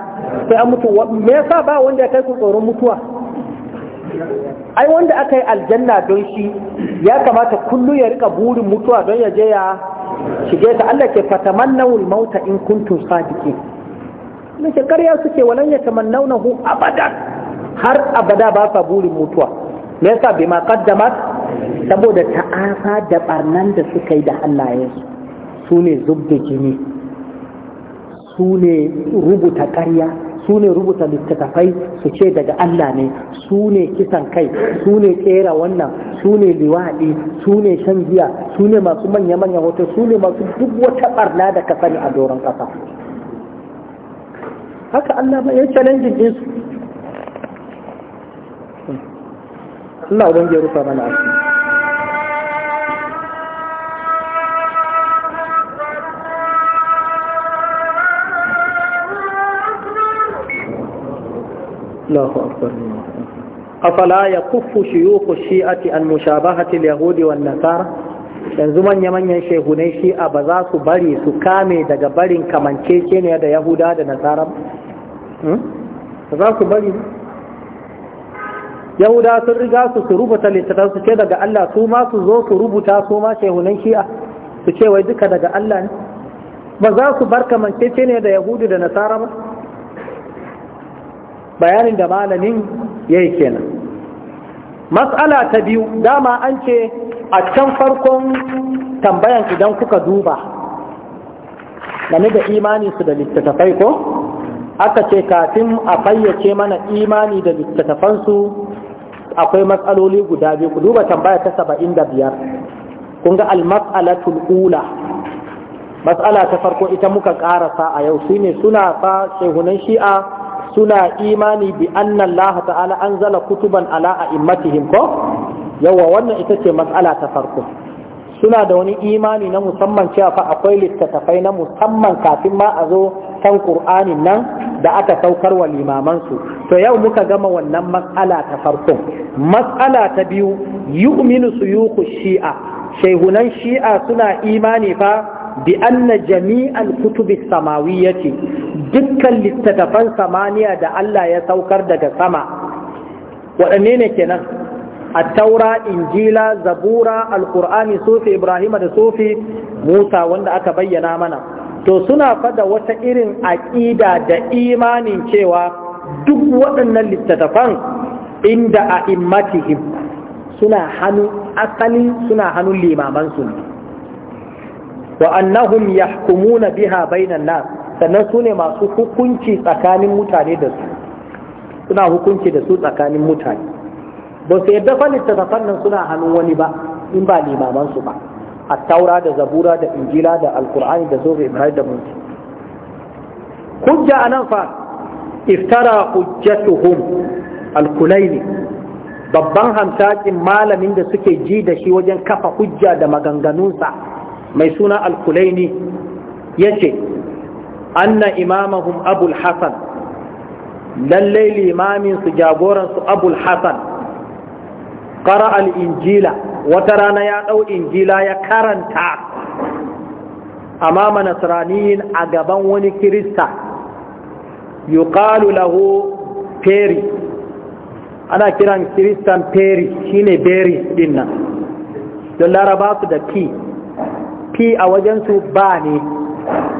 sai an mutu me yasa ba wanda ya kai ku tsoron mutuwa ai wanda aka yi aljanna don shi ya kamata kullu ya rika burin mutuwa don ya je ya shige ta Allah ke fatamannawul mauta in kuntum sadiqin nake ƙarya suke walan ya tamannawnahu abadan har abada ba sa burin mutuwa me yasa ma qaddamat saboda ta'asa da barnan da suka yi da hannayensu su ne zub da jini su rubuta ƙarya su ne rubuta littattafai su ce daga Allah ne su ne kisan kai su ne kera wannan su ne liwaɗi su ne shan giya su ne masu manya manya hoto su ne masu duk wata barna da ka sani a doron ƙasa haka Allah ba ya challenge din su Allah ubangiji ya rufa mana asiri Allahu akbar afala ya kuffu shuyukhu shi'ati an mushabahati al-yahudi wan nasara yanzu manya manyan shehunai shi'a ba za su bari su kame daga barin kamancece ne da yahuda da nasara ba hmm? za su bari yahuda sun riga su su rubuta littattafan su ce daga Allah su ma su zo su rubuta su ma shehunan shi'a su ce wai duka daga Allah ne ba za su bar kamancece ne da Yahudi da nasara ba bayanin da malamin ya yi kenan matsala ta biyu dama an ce a can farkon tambayan idan kuka duba game da imani su da littattafai ko aka ce kafin a fayyace mana imani da littattafansu akwai matsaloli guda biyu ku duba tambaya ta saba'in da biyar kunga ga almas'alatul ula matsala ta farko ita muka karasa a yau shine suna fa shehunan shi'a suna imani bi anna Allah ta'ala anzala kutuban ala a'immatihim ko yawa wannan ita ce mas'ala ta farko suna da wani imani na musamman cewa fa akwai littattafai na musamman kafin ma a zo kan Qur'anin nan da aka saukar wa limaman su to yau muka gama wannan mas'ala ta farko mas'ala ta biyu yu'minu suyukhu shi'a Shaihunan shi'a suna imani fa bi anna jami'al kutubi ce, dukkan littattafan samaniya da Allah ya saukar daga sama waɗanne ne kenan at-taura injila zabura alqur'ani sufi ibrahima da sufi musa wanda aka bayyana mana to suna fada wata irin aƙida da imanin cewa duk waɗannan littattafan inda a immatihim suna asali suna hannun limamansu wa annahum yahkumuna biha bainan nas sannan su ne masu hukunci tsakanin mutane da su suna hukunci da su tsakanin mutane ba su yadda fa littattafan nan suna hannun wani ba in ba limaman su ba Attaura da zabura da injila da alkur'ani da zobe ibrahim da mulki hujja anan fa iftara hujjatuhum alkulaini babban hamsakin malamin da suke ji da shi wajen kafa hujja da maganganunsa mai suna al-kulaini ce anna imamahum abul hasan lallai limamin su jagoransu su abul hasan al wata rana ya ɗau injila ya karanta mama nasraniyin a gaban wani kirista yuqalu lahu peri ana kiran kiristan peri shine beri dinnan don laraba su da ki p a wajensu ba ne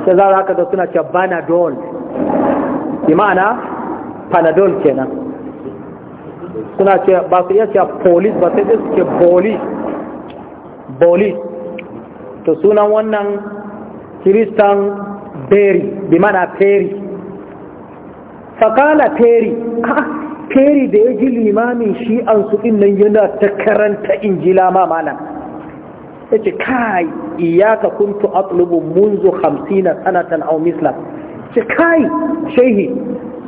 sai za haka da suna ce banadol Imana ma'ana panadol kenan suna ce ba su iya ce polis ba sai su ce police to sunan wannan kiristan berry bi ma'ana peri fakala peri peri da ya ji limamin shi an su nan yana ta karanta injila ma mana. yace kai iyaka kuntu atlubu منذ 50 sanatan aw misla ce kai shehi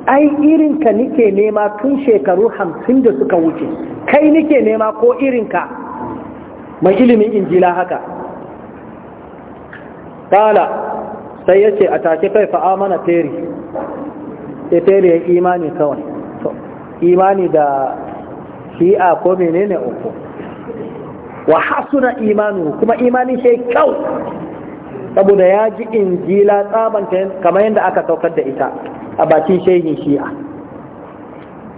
ai irin ka nike nema tun shekaru hamsin da suka wuce kai nike nema ko irinka. ka mai ilimin injila haka kala sai yace a take kai fa amana teri sai teri ya imani kawai imani da shi'a ko menene uku wa hasuna imanu kuma imani shi kyau saboda ya ji injila tsabanta kamar yadda aka saukar da ita a bakin shehin shi'a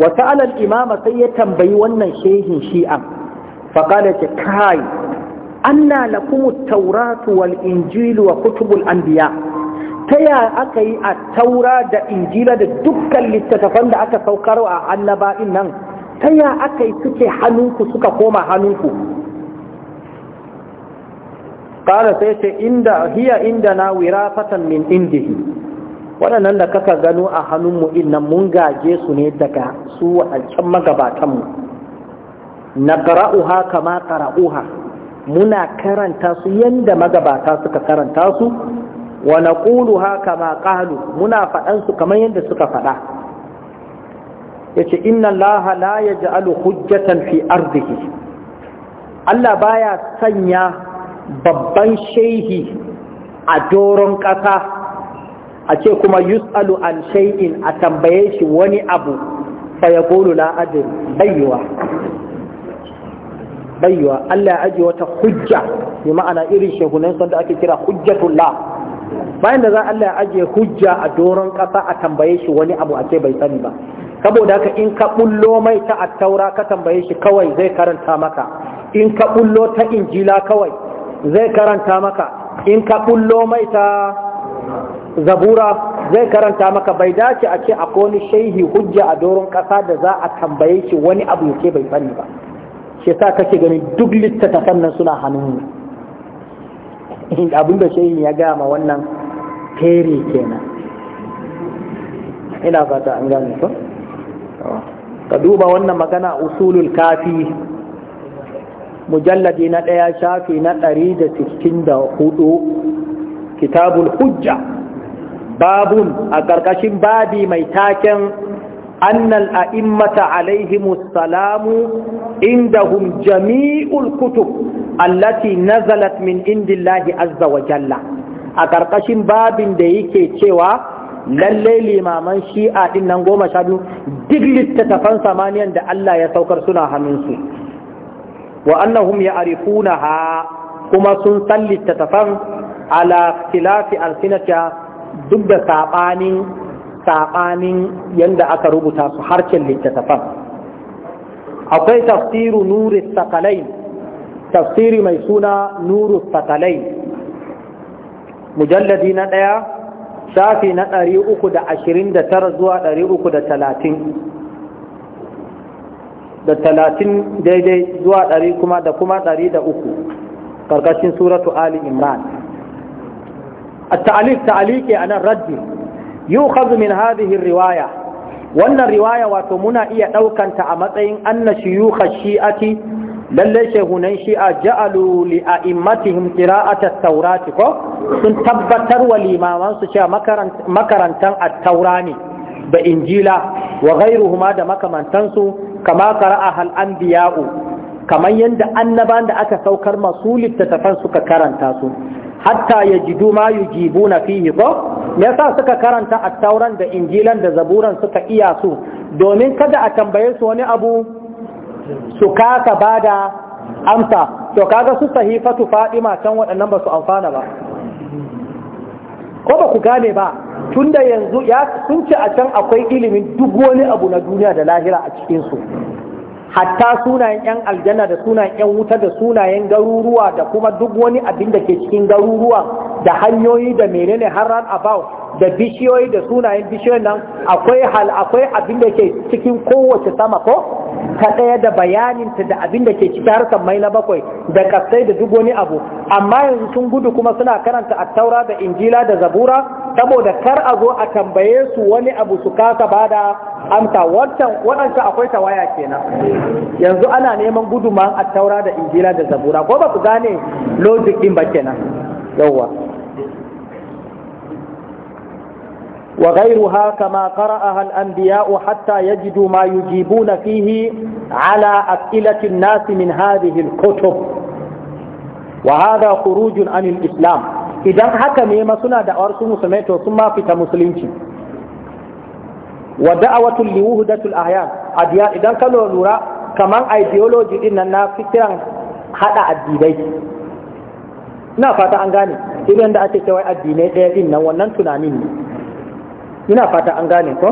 wa ta'ala imama sai ya tambayi wannan shehin shi'a fa qala ta kai anna lakum at-tauratu wal injilu wa kutubul anbiya ta ya aka yi a taura da injila da dukkan littattafan da aka saukar a annaba'in nan ta ya aka yi suke hannunku suka koma hannunku qala sai ce inda hiya inda na wirafatan min indihi waɗannan da kaka gano a hannunmu innan mun gaje su ne daga su waɗancan magabatanmu na ƙara'uha kama ƙara'uha muna karanta su yadda magabata suka karanta su wa na ƙuluha kama ƙalu muna faɗansu kamar yadda suka faɗa ya ce inna laha la ya ja'alu hujjatan fi arziki Allah baya sanya babban shehi a doron ƙasa a ce kuma yus'alu an shehin a tambaye shi wani abu fa ya la'adun bayuwa bayuwa Allah ya ajiye wata hujja ne ma'ana irin shehunan sanda ake kira hujjatullah bayan da za Allah ya ajiye hujja a doron ƙasa a tambaye shi wani abu a ce bai sani ba saboda haka in ka bullo mai ta attaura ka tambaye shi kawai zai karanta maka in ka bullo ta injila kawai zai karanta maka in ka kullo mai ta zabura zai karanta maka bai dace a ce akwai wani shaihi hujja a doron ƙasa da za a tambaye shi wani abu ya ce bai sani ba shi sa kake gani duk littata sannan suna hannun abin da shaihi ya gaya ma wannan fere kenan ina fata an gane ka duba wannan magana usulul kafi mujalladi na ɗaya shafi na ɗari da sittin da hudu kitabul hujja babun a ƙarƙashin babi mai taken annal a'immata alaihimus salamu indahum jami'ul kutub allati nazalat min indillahi azza wa jalla a ƙarƙashin babin da yake cewa lallai limaman shi'a din nan goma sha biyu duk littattafan samaniyan da Allah ya saukar suna hannunsu wa annahum ya'rifunaha kuma sun san littattafan ala khilafi alsinata duk da saɓanin sabanin yanda aka rubuta su harcin littattafan akwai tafsiru nuri sakalain tafsiri mai suna nuru mujalladi na ɗaya shafi na ɗari uku da ashirin da tara zuwa ɗari uku da talatin da talatin daidai zuwa ɗari kuma da kuma ɗari da uku ƙarƙashin suratu ali imran a ta'alif ta'alike a nan raddi yukhadhu min hadhihi riwaya wannan riwaya wato muna iya ɗaukanta a matsayin anna shiyukha shi'ati lallai shehunan shi'a ja'alu li a'immatihim qira'ata a taurati ko sun tabbatar wa limamansu su cewa makarantan at-taurani da injila wa ghairuhuma da makamantansu kama qara'a hal anbiya'u kamar yadda annaban da aka saukar masu littattafan suka karanta su hatta yajidu ma yujibuna fihi ko me yasa suka karanta attauran da injilan da zaburan suka iya su domin kada a tambaye su wani abu su kasa bada amsa to kaga su sahifatu fadima can waɗannan ba su amfana ba ko ba ku gane ba tunda yanzu ya sun ce a can akwai ilimin duk wani abu na duniya da lahira a cikinsu hatta sunayen 'yan aljanna da sunayen 'yan wuta da sunayen garuruwa da kuma duk wani abin da ke cikin garuruwa da hanyoyi da menene har ran about da bishiyoyi da sunayen bishiyoyin nan akwai hal akwai abin da ke cikin kowace sama ko ta ɗaya da bayaninta da abin da ke cikin harkar mai na bakwai da kasai da duk wani abu amma yanzu sun gudu kuma suna karanta attaura da injila da zabura saboda kar a zo a tambaye su wani abu su kasa ba da amsa wancan waɗancan akwai tawaya kenan yanzu ana neman guduman attaura da injila da zabura ko ba ku gane logic din ba kenan yawwa وغيرها كما قرأها الأنبياء حتى يجدوا ما يجيبون فيه على أسئلة الناس من هذه الكتب وهذا خروج عن الإسلام إذا حكم يما سنة دعوار مسلمين ثم في مسلمين ودعوة لوهدة الأحيان أديان إذا كانوا نرى كمان أيديولوجي إننا فكرا هذا الديني na fata an gane idan da ake cewa addinai ɗaya ɗin nan wannan tunanin ne ina fata an gane ko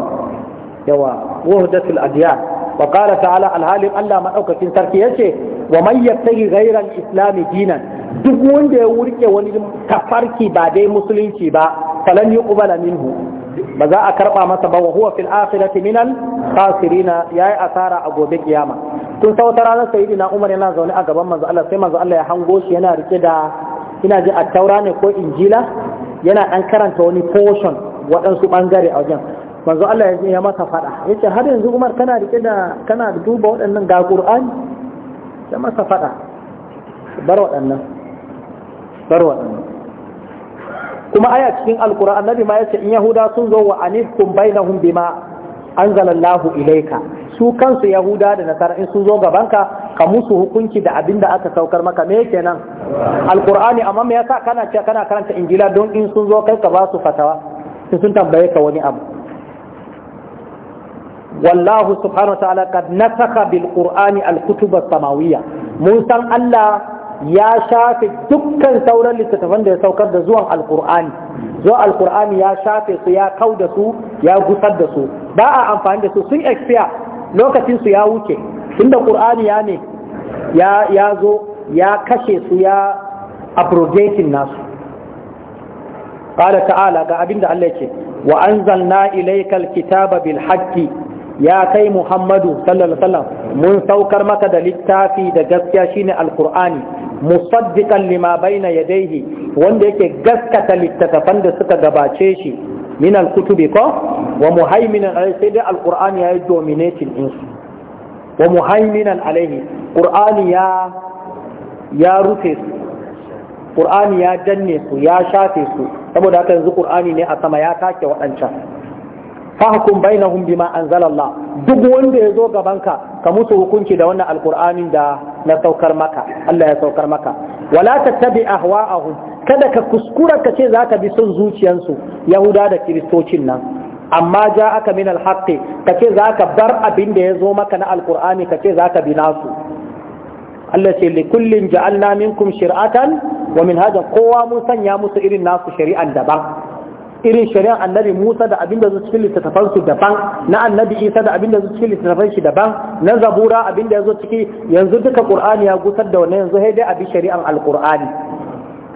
yawa wahdatul adiyan wa qala ta'ala alhalin Allah madaukakin sarki yace wa man yattabi ghayra al-islam dinan duk wanda ya wurke wani tafarki ba dai musulunci ba falan yuqbala minhu ba za a karba masa ba wa huwa fil akhirati minal khasirina yayi asara a gobe kiyama tun sauta ranar sayyidina Umar yana zaune a gaban manzo Allah sai manzo Allah ya hango shi yana rike da ina ji a taura ne ko injila yana dan karanta wani portion waɗansu ɓangare a wajen manzo Allah ya masa faɗa ce har yanzu Umar kana rike da kana duba waɗannan ga ƙur'ani? ya masa faɗa bar waɗannan bar waɗannan kuma aya cikin alkur'an annabi ma yace in yahuda sun zo wa anifkum bainahum bima anzala Allah ilayka su kansu yahuda da nasara in sun zo gabanka ka musu hukunci da abin da aka saukar maka me nan. alkur'ani amma me yasa kana kana karanta injila don in sun zo kai ka ba su fatawa sai sun tambaye ka wani abu wallahu subhanahu wa ta'ala kad nasakha bil qur'ani al kutub as samawiyya mun san Allah ya shafe dukkan sauran littattafan da ya saukar da zuwan alqur'ani al alqur'ani ya shafe su ya kau da su ya gusar da su ba a amfani da su sun expire lokacin su ya wuce tunda qur'ani ya ne ya ya zo ya kashe su ya abrogating nasu qala ta'ala ga abinda Allah yake Wa'anzan anzalna ilaykal kitaba bil ya kai Muhammadu sallallahu mun saukar maka da littafi da gaskiya shine alqur'ani musaddiqan lima baina yadayhi wanda yake gaskata littafan da suka gabace shi min kutubi ko wa muhaiminan alaihi sai dai alqur'ani ya yi dominating din wa muhaiminan alaihi qur'ani ya ya rufe su qur'ani ya danne su ya shafe su saboda haka yanzu qur'ani ne a sama ya take waɗancan fahkum bainahum bima anzalallah duk wanda ya zo gabanka ka musu hukunci da wannan alqur'anin da na saukar maka Allah ya saukar maka wala tattabi ahwa'ahum kada ka kuskura ka ce zaka bi son zuciyansu yahuda da kiristocin nan amma ja aka min alhaqqi ka ce zaka bar abin da ya zo maka na alqur'ani ka ce zaka bi nasu Allah ce likullin ja'alna minkum shir'atan wa min kowa mun sanya musu irin nasu shari'an daban irin shari'an annabi Musa da abin da zuwa cikin littattafan daban na annabi Isa da abin da zuwa cikin littattafan daban na zabura abin da ya zo ciki yanzu duka Kur'ani ya gusar da wannan yanzu sai dai abi shari'an alqur'ani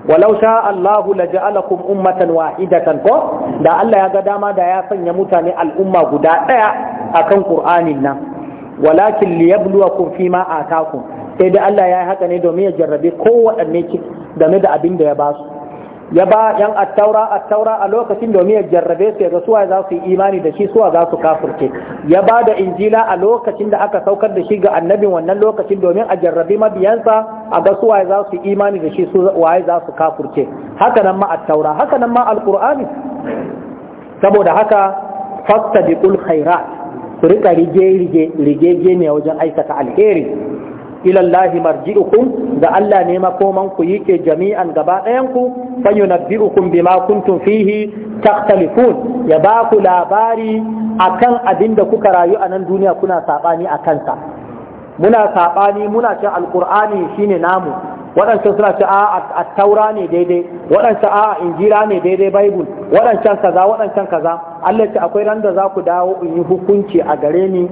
walau sha Allah la ja'alakum ummatan wahidatan ko da Allah ya ga dama da ya sanya mutane al'umma guda ɗaya akan Qur'anin nan walakin ma a taku. sai da Allah ya yi haka ne domin ya jarrabe kowaɗanne game da abin da ya ba su ya ba yan attaura attaura a lokacin domin ya jarrabe su ga suwa za su yi imani da shi suwa za su kafirce ya ba da injila a lokacin da aka saukar da shi ga annabi wannan lokacin domin a jarrabi mabiyansa a ga suwa za su yi imani da shi waye za su kafirce haka nan ma attaura haka nan ma alqur'ani saboda haka fastabiqul khairat su rika rige rige rige ne wajen aikata alheri ilallahi marji'ukum da Allah ne makoman ku ke jami'an gaba ɗayan ku fa yunabbi'ukum bima kuntum fihi takhtalifun ya ba ku labari akan abin da kuka rayu a nan duniya kuna sabani a kansa muna sabani muna ce alqur'ani shine namu waɗancan suna ce a taura ne daidai waɗancan a injira ne daidai baibul waɗancan kaza waɗancan kaza Allah ce akwai ran da za ku dawo in yi hukunci a gare ni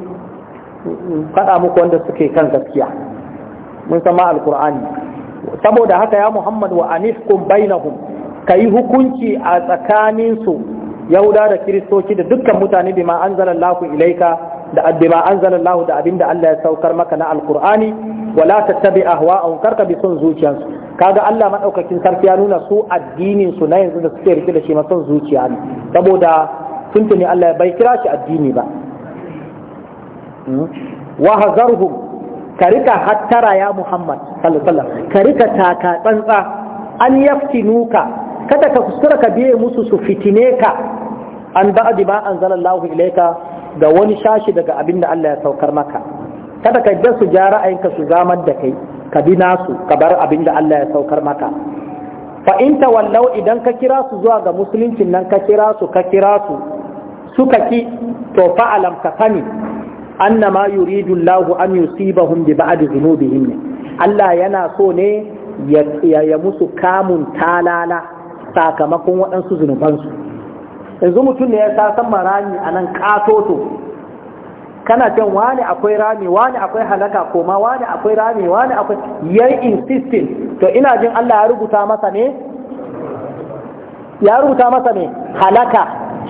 faɗa muku wanda suke kan gaskiya mun sama ma saboda haka ya muhammad wa anihkum bainahum kai hukunci a tsakanin su yahuda da kiristoci da dukkan mutane bima anzalallahu ilaika da addima anzalallahu da abinda Allah ya saukar maka na alqur'ani wala tattabi ahwa'ahum karka bi son zuciyansu kaga Allah madaukakin sarki ya nuna su addinin su na yanzu da suke rike da shi son zuciya ne saboda tuntuni Allah bai kira shi addini ba hmm? wa hazarhum ka rika hattara ya Muhammad sallallahu ka rika taka tsantsa an yaftinuka kada ka kuskura ka biye musu su fitine ka an ba'di anzalallahu ilayka ga wani shashi daga abinda Allah ya saukar maka kada ka yadda su ja ra'ayinka su zamar da kai ka bi nasu ka bar abinda Allah ya saukar maka fa in tawallau idan ka kira su zuwa ga musulunci nan ka kira su ka kira su suka ki to fa'alam ka sani anna ma yuridu Allahu an yusibahum bi ba'd dhunubihim ne Allah yana so ne ya musu kamun talala sakamakon waɗansu zunubansu yanzu mutum ne ya sa san marami a nan katoto kana can wani akwai rami wani akwai halaka ma wani akwai rami wani akwai yayi insisting to ina jin Allah ya rubuta masa ne ya rubuta masa ne halaka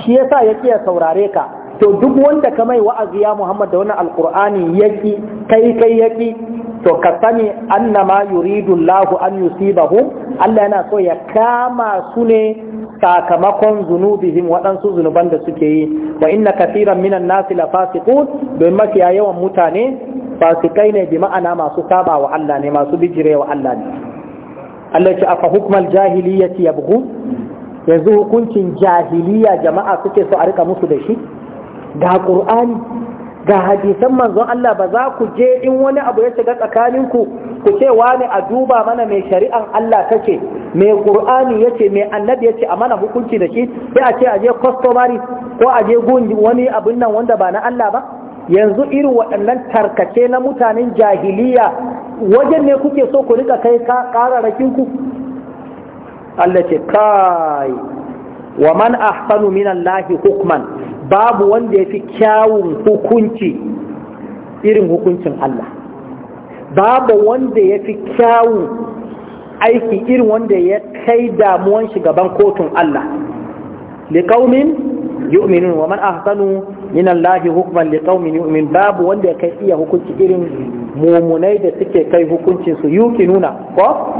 shi yasa yake ya saurare ka to duk wanda ka mai wa'azi ya Muhammad da wannan alqur'ani yaki kai kai yaki to ka sani annama yuridu Allahu an yusibahum Allah yana so ya kama su ne sakamakon zunubihim waɗansu zunuban da suke yi wa inna kasiran minan nasi la fasiqun don mafiya yawan mutane fasikai ne bi ma'ana masu saba wa Allah ne masu bijire wa Allah ne Allah ce afa hukmal jahiliyyati yabghun yanzu hukuncin jahiliya jama'a suke so a rika musu da shi Da ƙur'ani ga hadisan manzon Allah ba za ku je in wani abu ya shiga tsakaninku ku ce wani a duba mana mai shari'an Allah take mai Qur'ani yace mai annabi yace a mana hukunci da shi sai a ce a je customary ko a je gun wani abin nan wanda ba na Allah ba yanzu irin waɗannan tarkace na mutanen jahiliya wajen ne kuke so ku rika kai kararrakin ku Allah ce kai wa man ahsanu min Allah hukman babu wanda ya fi kyawun hukunci irin hukuncin Allah babu wanda ya fi kyawun aiki irin wanda ya kai damuwan shi gaban kotun Allah liqaumin yu'minun wa man ahsanu min Allahi hukman liqaumin yu'min babu wanda ya kai iya hukunci irin mumunai da suke kai hukuncin su yuki nuna ko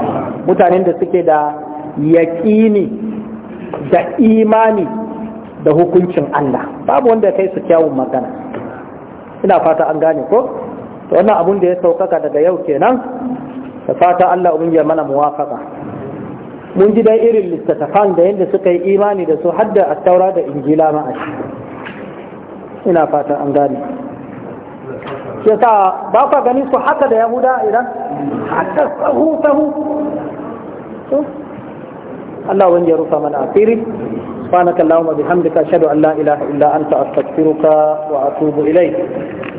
mutanen da suke da yaqini da imani da hukuncin Allah babu wanda ya kai su kyawun magana ina fata an gane ko to wannan abun da ya saukaka daga yau kenan da fata Allah ubin ya mana muwafaka mun ji dai irin littattafan da yadda suka yi imani da su hadda a taura da injila ma a shi ina fata an gane ke sa ba ka gani su haka da yahuda idan hatta sahu sahu hmm? Allah wani ya rufa mana asiri subhanaka allahumma bihamdika ashhadu an la ilaha illa anta astaghfiruka wa atubu ilai.